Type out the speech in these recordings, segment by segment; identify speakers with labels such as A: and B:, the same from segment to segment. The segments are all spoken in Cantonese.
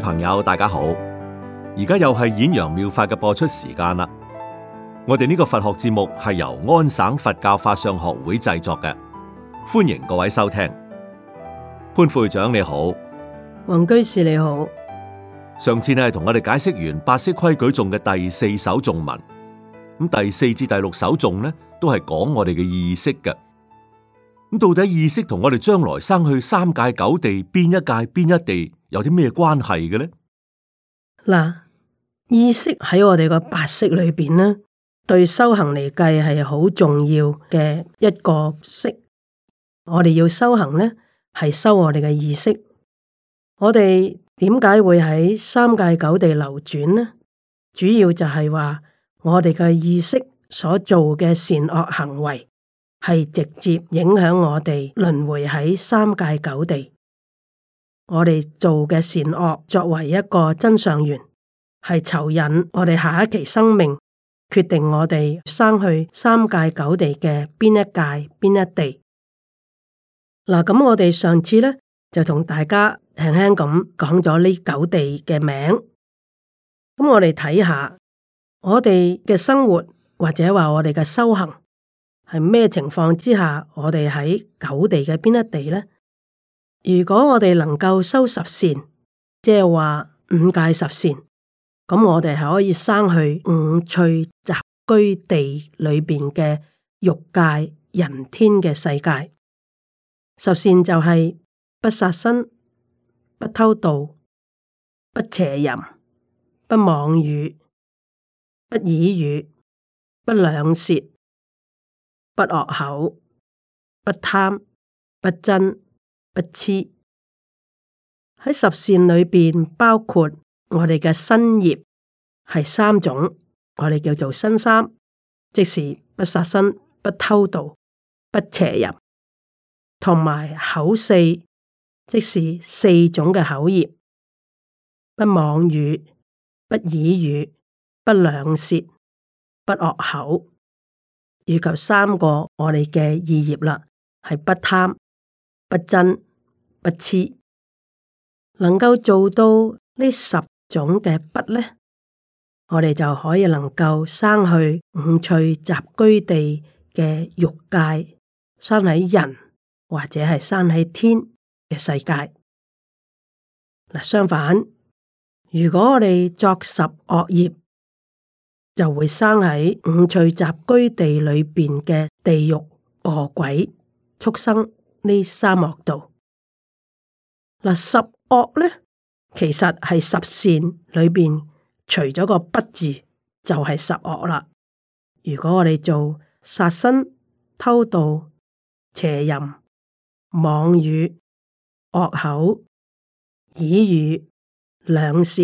A: 朋友，大家好！而家又係演揚妙法嘅播出時間啦。我哋呢個佛學節目係由安省佛教法相學會製作嘅，歡迎各位收聽。潘會長你好，
B: 黃居士你好。
A: 上次呢同我哋解釋完《八識規矩頌》嘅第四首頌文，咁第四至第六首頌呢，都係講我哋嘅意識嘅。咁到底意識同我哋將來生去三界九地邊一界邊一地？有啲咩關係嘅咧？
B: 嗱，意識喺我哋個八識裏邊咧，對修行嚟計係好重要嘅一個識。我哋要修行咧，係修我哋嘅意識。我哋點解會喺三界九地流轉呢？主要就係話我哋嘅意識所做嘅善惡行為，係直接影響我哋輪迴喺三界九地。我哋做嘅善惡作為一個增上緣，係牽引我哋下一期生命，決定我哋生去三界九地嘅邊一界邊一地。嗱，咁我哋上次咧就同大家輕輕咁講咗呢九地嘅名。咁我哋睇下我哋嘅生活或者話我哋嘅修行係咩情況之下，我哋喺九地嘅邊一地咧？如果我哋能夠修十善，即係話五戒十善，咁我哋係可以生去五趣雜居地裏邊嘅欲界人天嘅世界。十善就係不殺生、不偷盜、不邪淫、不妄語、不綺語、不兩舌、不惡口、不貪、不嗔、不痴，喺十善裏邊，包括我哋嘅身業係三種，我哋叫做身三，即是不殺生、不偷盜、不邪淫，同埋口四，即是四種嘅口業，不妄語、不綺語、不兩舌、不惡口，以及三個我哋嘅意業啦，係不貪。不瞋不痴，能夠做到呢十種嘅不呢，我哋就可以能夠生去五趣雜居地嘅欲界，生喺人或者係生喺天嘅世界。嗱，相反，如果我哋作十惡業，就會生喺五趣雜居地裏邊嘅地獄、餓鬼、畜生。呢三惡道，嗱、啊、十惡咧，其實係十善裏邊除咗個不字，就係、是、十惡啦。如果我哋做殺生、偷盜、邪淫、妄語、惡口、綺語、兩舌，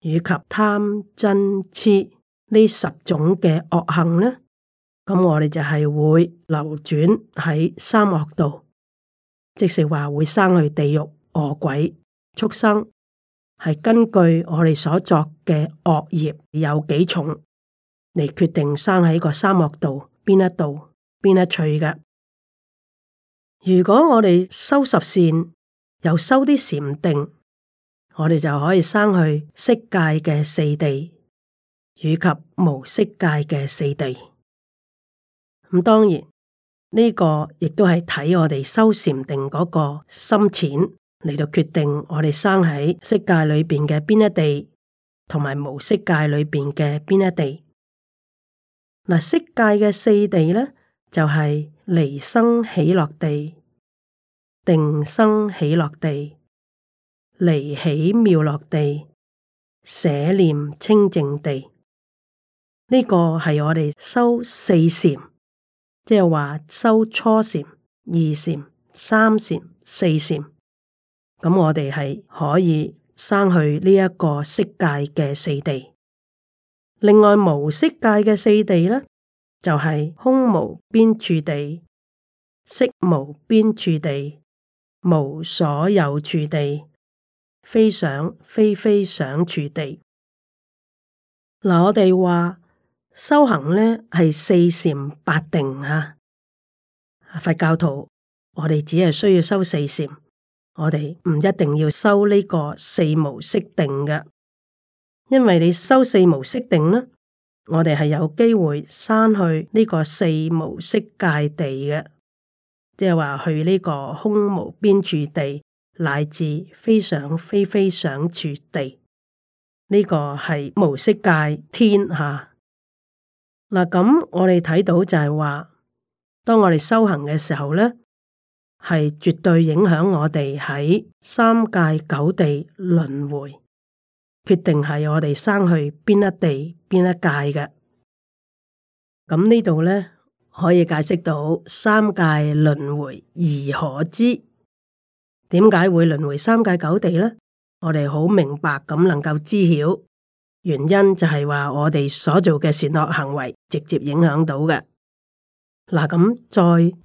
B: 以及貪、嗔、痴呢十種嘅惡行呢，咁我哋就係會流轉喺三惡道，即是話會生去地獄、餓鬼、畜生，係根據我哋所作嘅惡業有幾重嚟，決定生喺個三惡道邊一度邊一趣嘅。如果我哋修十善，又修啲禪定，我哋就可以生去色界嘅四地，以及無色界嘅四地。咁當然呢、這個亦都係睇我哋修禪定嗰個深淺嚟到決定我哋生喺色界裏邊嘅邊一地，同埋無色界裏邊嘅邊一地。嗱、啊，色界嘅四地呢，就係、是、離生喜樂地、定生喜樂地、離喜妙樂地、捨念清淨地。呢、這個係我哋修四禪。即係話修初禪、二禪、三禪、四禪，咁我哋係可以生去呢一個色界嘅四地。另外無色界嘅四地呢，就係空無邊處地、識無邊處地、無所有處地、非想非非想處地。嗱，我哋話。修行呢係四禪八定吓，啊，佛教徒我哋只係需要修四禪，我哋唔一定要修呢個四無色定嘅，因為你修四無色定咧，我哋係有機會生去呢個四無色界地嘅，即係話去呢個空無邊處地乃至非想非非想處地，呢，呢個係無色界天下。嗱，咁我哋睇到就係話，當我哋修行嘅時候咧，係絕對影響我哋喺三界九地輪迴，決定係我哋生去邊一地、邊一界嘅。咁呢度咧，可以解釋到三界輪迴而可知，點解會輪迴三界九地咧？我哋好明白咁能夠知曉。原因就係話我哋所做嘅善惡行為直接影響到嘅。嗱，咁再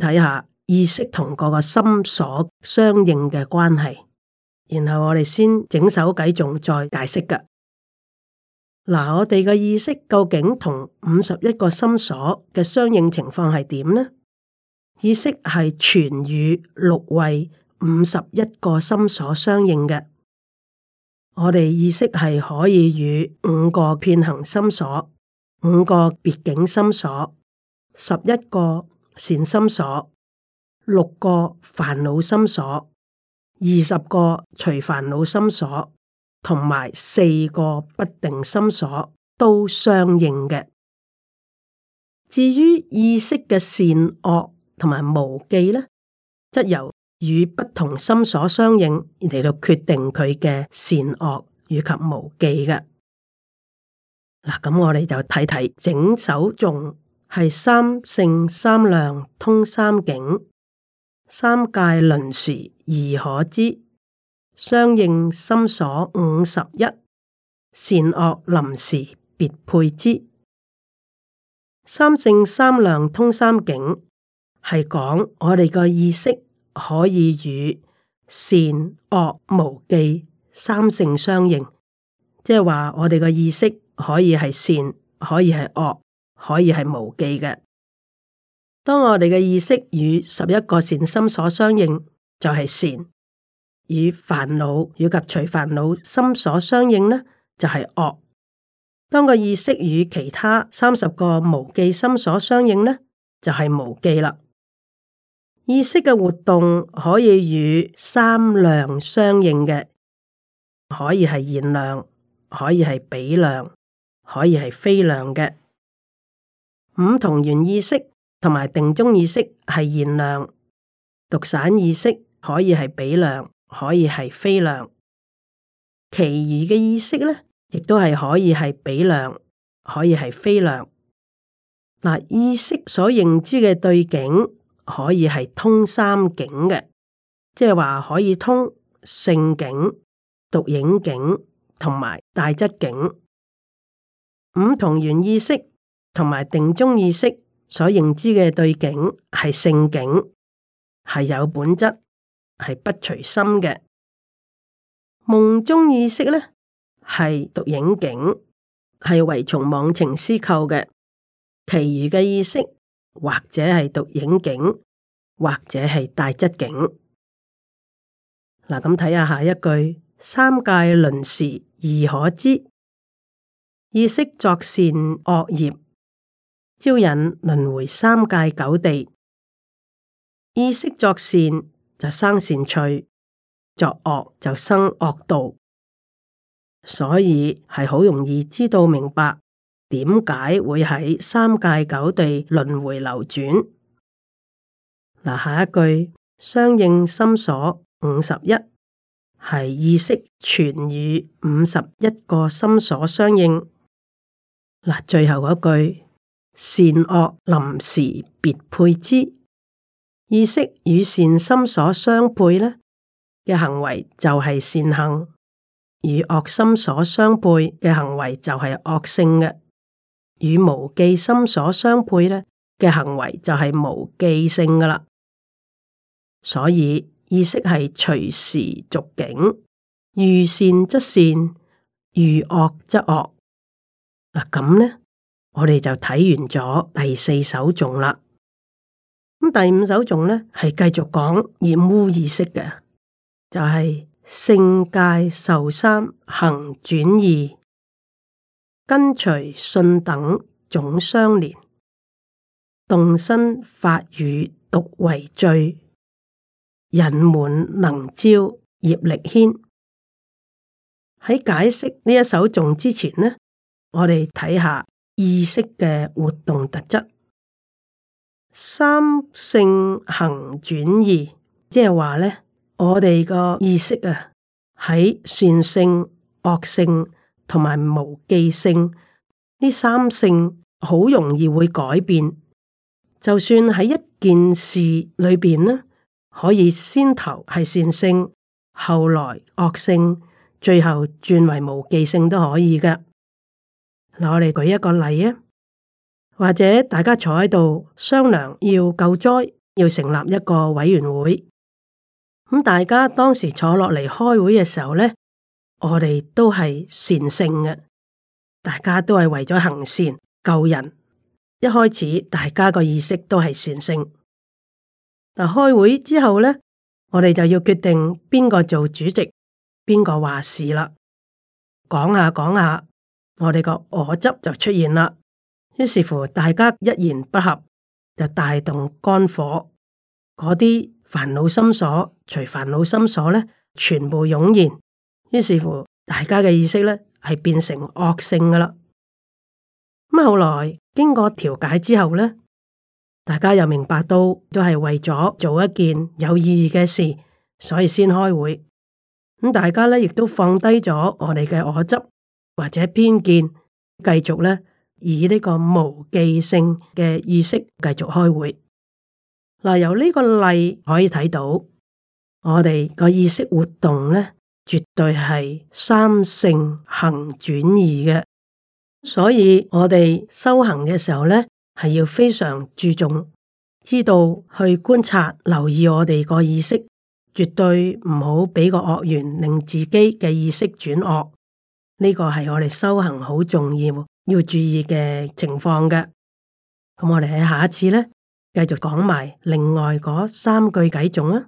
B: 睇下意識同個個心所相應嘅關係，然後我哋先整首偈仲再解釋嘅。嗱，我哋嘅意識究竟同五十一個心所嘅相應情況係點呢？意識係全與六位五十一個心所相應嘅。我哋意識係可以與五個遍行心所、五個別境心所、十一個善心所、六個煩惱心所、二十個除煩惱心所同埋四個不定心所都相應嘅。至於意識嘅善惡同埋無記呢，則由與不同心所相應，嚟到決定佢嘅善惡以及無記嘅。嗱，咁我哋就睇睇整首。眾係三性三量通三境，三界輪時而可知，相應心所五十一，善惡臨時別配之。三性三量通三境係講我哋個意識。可以與善惡無記三性相應，即係話我哋嘅意識可以係善，可以係惡，可以係無記嘅。當我哋嘅意識與十一個善心所相應，就係、是、善；與煩惱以及隨煩惱心所相應呢就係、是、惡。當個意識與其他三十個無記心所相應呢就係、是、無記啦。意識嘅活動可以與三量相應嘅，可以係現量，可以係比量，可以係非量嘅。五同緣意識同埋定中意識係現量，獨散意識可以係比量，可以係非量。其餘嘅意識呢，亦都係可以係比量，可以係非量。嗱，意識所認知嘅對境，可以係通三境嘅，即係話可以通性境、獨影境同埋帶質境。五同緣意識同埋定中意識所認知嘅對境係性境，係有本質，係不隨心嘅。夢中意識咧係獨影境，係唯從妄情思構嘅，其餘嘅意識。或者係獨影境，或者係帶質境。嗱、啊，咁睇下下一句：三界輪時易可知，意識作善惡業，招引輪回三界九地。意識作善就生善趣，作惡就生惡道。所以係好容易知道明白。點解會喺三界九地輪迴流轉？嗱，下一句相應心所五十一係，意識全與五十一個心所相應。嗱，最後嗰句善惡臨時別配之，意識與善心所相配呢嘅行為就係善行，與惡心所相配嘅行為就係惡性嘅。與無記心所相配咧，嘅行為就係無記性噶啦，所以意識係隨時逐境，遇善則善，遇惡則惡。嗱咁咧，我哋就睇完咗第四首頌啦。咁第五首頌呢，係繼續講染污意識嘅，就係、是、性界受三恆轉易。根隨信等總相連，動身發語獨為最。引滿能招業力牽。喺解釋呢一首頌之前呢，我哋睇下意識嘅活動特質。三性恆轉易，即係話呢，我哋個意識啊喺善性、惡性，同埋無記性，呢三性好容易會改變。就算喺一件事裏邊咧，可以先頭係善性，後來惡性，最後轉為無記性都可以噶。嗱，我哋舉一個例啊，或者大家坐喺度商量要救災，要成立一個委員會。咁大家當時坐落嚟開會嘅時候呢。我哋都係善性嘅，大家都係為咗行善救人。一開始大家個意識都係善性，但係開會之後咧，我哋就要決定邊個做主席，邊個話事啦。講下講下，我哋個我執就出現啦。於是乎，大家一言不合就大動肝火，嗰啲煩惱心所，除煩惱心所咧，全部湧現。於是乎，大家嘅意識咧係變成惡性噶啦。咁後來經過調解之後咧，大家又明白到都係為咗做一件有意義嘅事，所以先開會。咁大家咧亦都放低咗我哋嘅我執或者偏見，繼續咧以呢個無記性嘅意識繼續開會。嗱，由呢個例可以睇到，我哋個意識活動咧。絕對係三性恆轉易嘅，所以我哋修行嘅時候咧，係要非常注重，知道去觀察、留意我哋個意識，絕對唔好俾個惡緣令自己嘅意識轉惡，呢、這個係我哋修行好重要要注意嘅情況嘅。咁我哋喺下一次咧，繼續講埋另外嗰三句偈頌啊！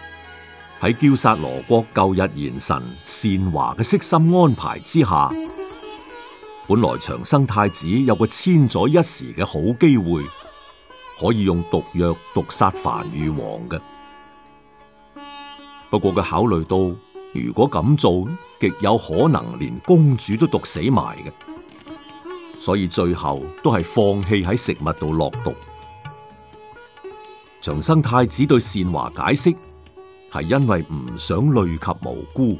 A: 喺憍薩羅國舊日賢臣善華嘅悉心安排之下，本來長生太子有個千載一時嘅好機會，可以用毒藥毒殺梵豫王嘅。不過佢考慮到如果咁做，極有可能連公主都毒死埋嘅，所以最後都係放棄喺食物度落毒。長生太子對善華解釋。係因為唔想累及無辜，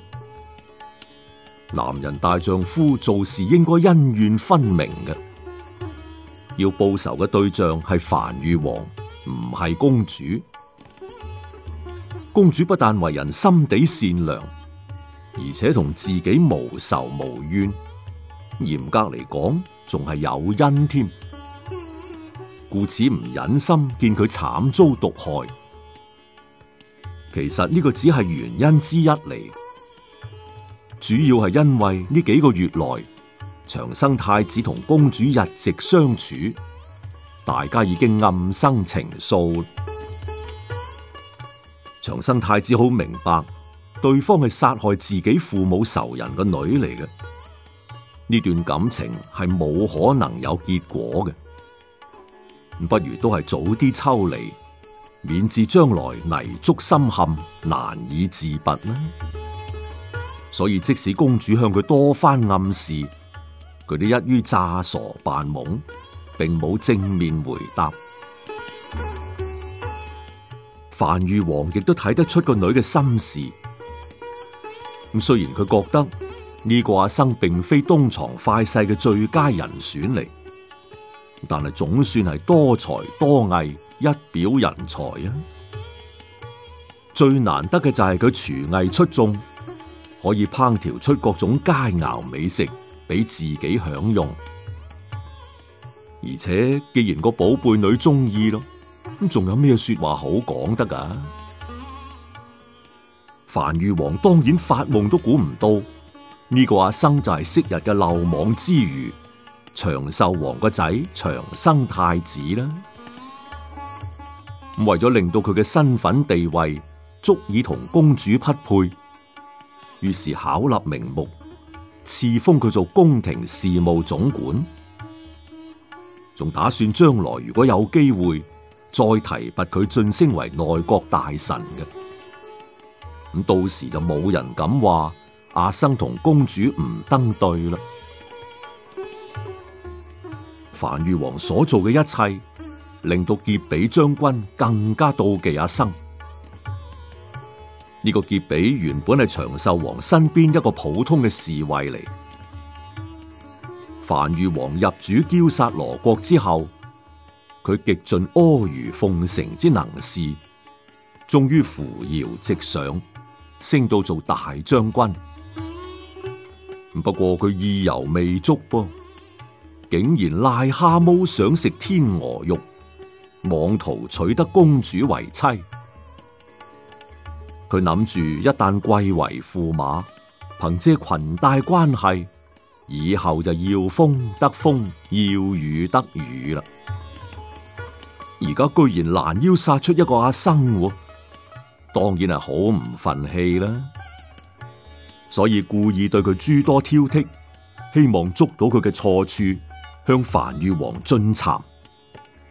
A: 男人大丈夫做事應該恩怨分明嘅，要報仇嘅對象係樊玉王，唔係公主。公主不但為人心地善良，而且同自己無仇無怨，嚴格嚟講仲係有恩添，故此唔忍心見佢慘遭毒害。其實呢個只係原因之一嚟，主要係因為呢幾個月來，長生太子同公主日夕相處，大家已經暗生情愫。長生太子好明白，對方係殺害自己父母仇人嘅女嚟嘅，呢段感情係冇可能有結果嘅，不如都係早啲抽離。免至將來泥足深陷，難以自拔啦。所以即使公主向佢多番暗示，佢都一於詐傻扮懵，並冇正面回答。梵豫王亦都睇得出個女嘅心事。咁雖然佢覺得呢、這個阿生並非東床快婿嘅最佳人選嚟，但係總算係多才多藝，一表人才啊！最難得嘅就係佢廚藝出眾，可以烹調出各種佳肴美食俾自己享用。而且既然個寶貝女中意咯，咁仲有咩說話好講得㗎？梵豫王當然發夢都估唔到，呢、這個阿、啊、生就係昔日嘅漏網之魚，長壽王個仔長生太子啦、啊。為咗令到佢嘅身份地位足以同公主匹配，於是巧立名目，賜封佢做宮廷事務總管，仲打算將來如果有機會再提拔佢晉升為內閣大臣嘅。咁到時就冇人敢話阿生同公主唔登對啦。梵豫王所做嘅一切。令到傑比將軍更加妒忌阿生。呢、這個傑比原本係長壽王身邊一個普通嘅侍衛嚟。梵豫王入主憍薩羅國之後，佢極盡阿諛奉承之能事，終於扶搖直上，升到做大將軍。不過佢意猶未足噃，竟然癩蛤蟆想食天鵝肉。妄圖取得公主為妻，佢諗住一旦貴為駙馬，憑借裙帶關係，以後就要風得風，要雨得雨啦。而家居然攔腰殺出一個阿生，當然係好唔忿氣啦。所以故意對佢諸多挑剔，希望捉到佢嘅錯處，向梵豫王進讒。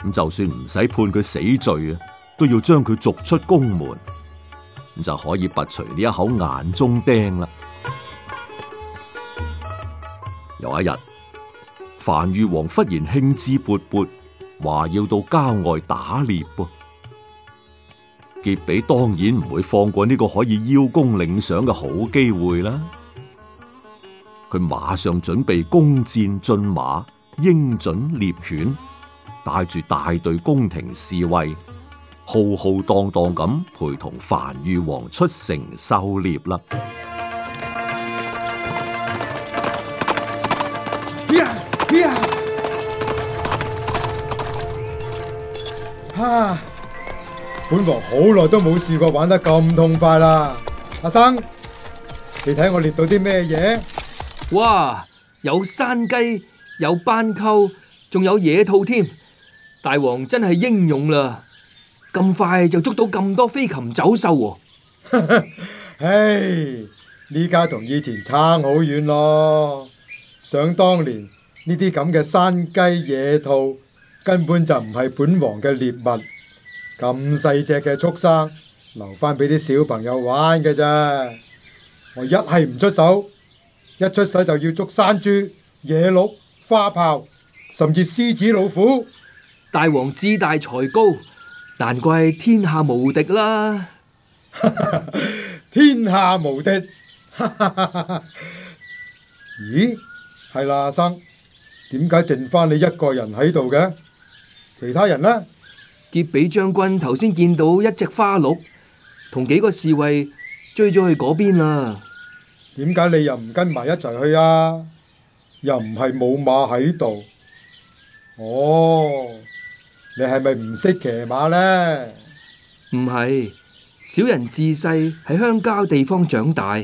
A: 咁就算唔使判佢死罪啊，都要將佢逐出宮門，咁就可以拔除呢一口眼中釘啦。 有一日，梵豫王忽然興致勃勃，話要到郊外打獵噃，杰比當然唔會放過呢個可以邀功領賞嘅好機會啦。佢馬上準備弓箭、駿馬、鷹隼、獵犬。帶住大隊宮廷侍衛，浩浩蕩蕩咁陪同梵豫王出城狩獵啦！
C: 哈、啊！本王好耐都冇試過玩得咁痛快啦！阿生，你睇我獵到啲咩嘢？
D: 哇！有山雞，有斑鳩，仲有野兔添。大王真係英勇啦！咁快就捉到咁多飛禽走獸，啊，
C: 唉！呢家同以前差好遠咯。想當年呢啲咁嘅山雞野兔根本就唔係本王嘅獵物，咁細隻嘅畜生留翻俾啲小朋友玩嘅啫。我一係唔出手，一出手就要捉山豬、
D: 野鹿、花豹，甚至獅子、老虎。大王智大才高，難怪天下無敵啦！ 天下無敵。 咦，係啦，生，點解剩翻你一個人喺度嘅？其他人呢？杰比將軍頭先見到一隻花鹿，同幾個侍衛追咗去嗰邊啦。點解你又唔跟埋一齊去啊？又
C: 唔係冇馬喺度。哦。你係咪唔
D: 識騎馬呢？唔係，小人自細喺鄉郊地方長大，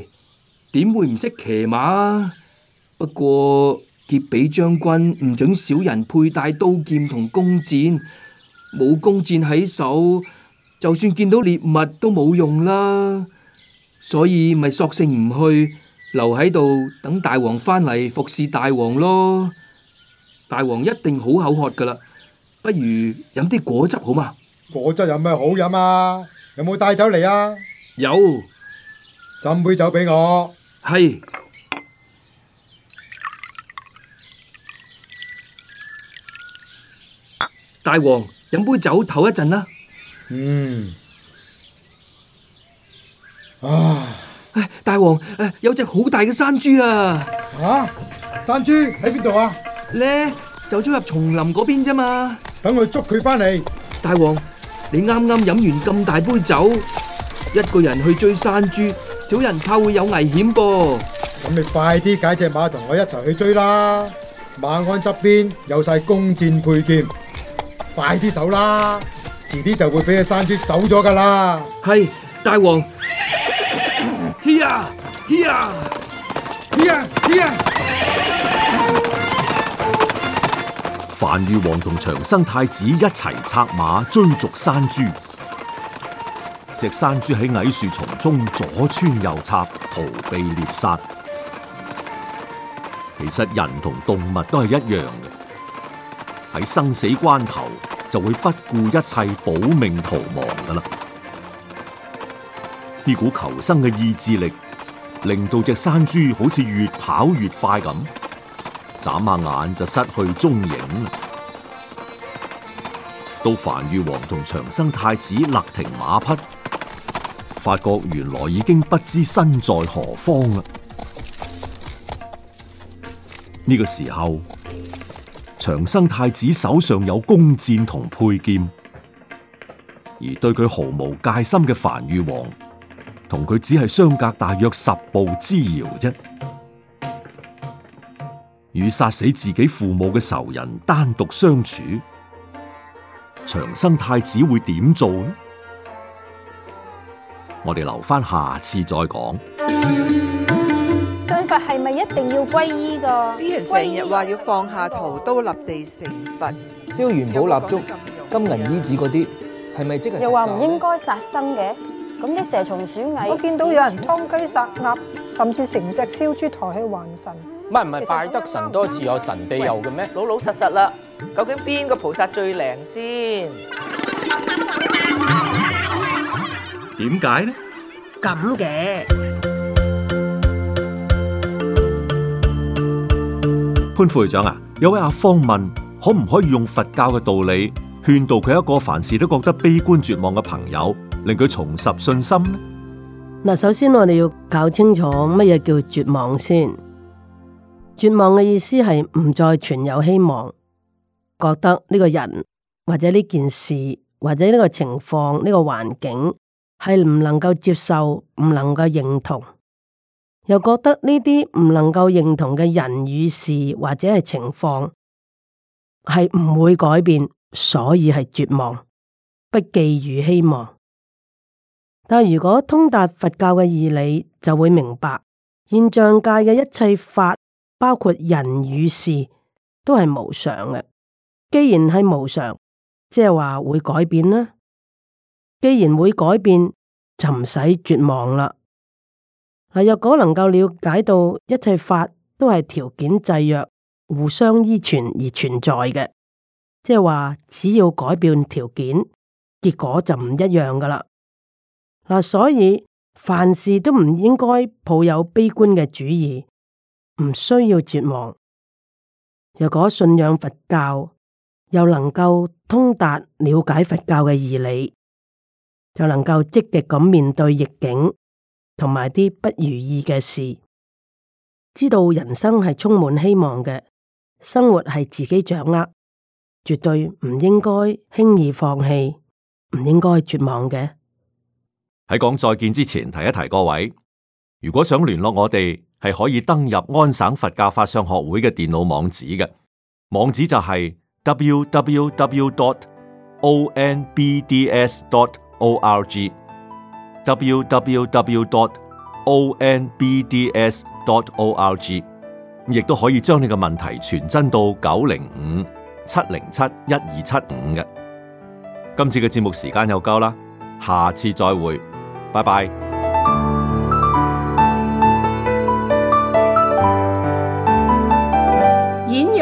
D: 點會唔識騎馬啊？不過劫比將軍唔准小人佩戴刀劍同弓箭，冇弓箭喺手，就算見到獵物都冇用啦。所以咪索性唔去，留喺度等大王返嚟服侍大王咯。大王一定好口渴噶啦。不如飲啲果汁好嘛？
C: 果汁有咩好飲啊？有冇帶酒嚟啊？
D: 有，斟杯酒俾我。係，大王飲杯酒唞一陣啦。嗯。啊！大王，誒，有隻好大嘅山豬啊！吓？山豬喺邊度啊？咧，就出入叢林嗰邊啫嘛。等我捉佢翻嚟，大王，你啱啱飲完咁大杯酒，一個人去追山豬，小人怕會有危險噃。咁你快啲解隻馬同我一齊去追啦！
C: 馬鞍側邊有晒弓箭配劍，快啲守啦！遲啲就會俾隻山豬走咗噶啦。係，大王。
D: 呀！呀！呀！呀！
A: 樊豫王同長生太子一齊策馬追逐山豬，隻山豬喺矮樹叢中左穿右插，逃避獵殺。其實人同動物都係一樣嘅，喺生死關頭就會不顧一切保命逃亡噶啦。呢股求生嘅意志力，令到隻山豬好似越跑越快咁。眨下眼就失去蹤影。到樊玉皇同長生太子勒停馬匹，發覺原來已經不知身在何方啦！呢個時候，長生太子手上有弓箭同佩劍，而對佢毫無戒心嘅樊玉皇，同佢只係相隔大約十步之遙啫。與殺死自己父母嘅仇人單獨相處，長生太子會點做呢？我哋留翻下，下次再講。
D: 信佛係咪一定要皈依噶？啲人成日話要放下屠刀立地成佛，燒元寶蠟燭、金銀衣紙嗰啲，係咪、啊、即係？又話唔應該殺生嘅，咁啲蛇蟲鼠蟻，我見到有人劏雞殺鴨，甚至成隻燒豬抬去還神。唔係唔係，拜得神多自有神庇佑嘅咩？老老實實啦，究竟邊個菩薩最靈先？
A: 點解呢？
B: 咁嘅，
A: 潘副會長啊，有位阿方問，可唔可以用佛教嘅道理勸導佢一個凡事都覺得悲觀絕望嘅朋友，令佢重拾信心呢？
B: 嗱，首先我哋要搞清楚乜嘢叫絕望先。絕望嘅意思係唔再存有希望，覺得呢個人或者呢件事或者呢個情況呢個環境係唔能夠接受，唔能夠認同，又覺得呢啲唔能夠認同嘅人與事或者係情況係唔會改變，所以係絕望，不寄予希望。但如果通達佛教嘅義理，就會明白現象界嘅一切法。包括人與事都係無常嘅。既然係無常，即係話會改變啦。既然會改變，就唔使絕望啦。嗱，若果能夠了解到一切法都係條件制約、互相依存而存在嘅，即係話只要改變條件，結果就唔一樣噶啦。嗱，所以凡事都唔應該抱有悲觀嘅主意。唔需要絕望。若果信仰佛教，又能夠通達了解佛教嘅義理，就能夠積極咁面對逆境，同埋啲不如意嘅事，知道人生係充滿希望嘅，生活係自己掌握，絕對唔應該輕易放棄，唔應該絕望嘅。
A: 喺講再見之前，提一提各位，如果想聯絡我哋。係可以登入安省佛教法商學會嘅電腦網址嘅，網址就係 www.onbds.org，www.onbds.org，亦 www. 都可以將你嘅問題傳真到九零五七零七一二七五嘅。今次嘅節目時間又夠啦，下次再會，拜拜。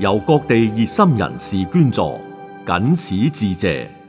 A: 由各地熱心人士捐助，謹此致謝。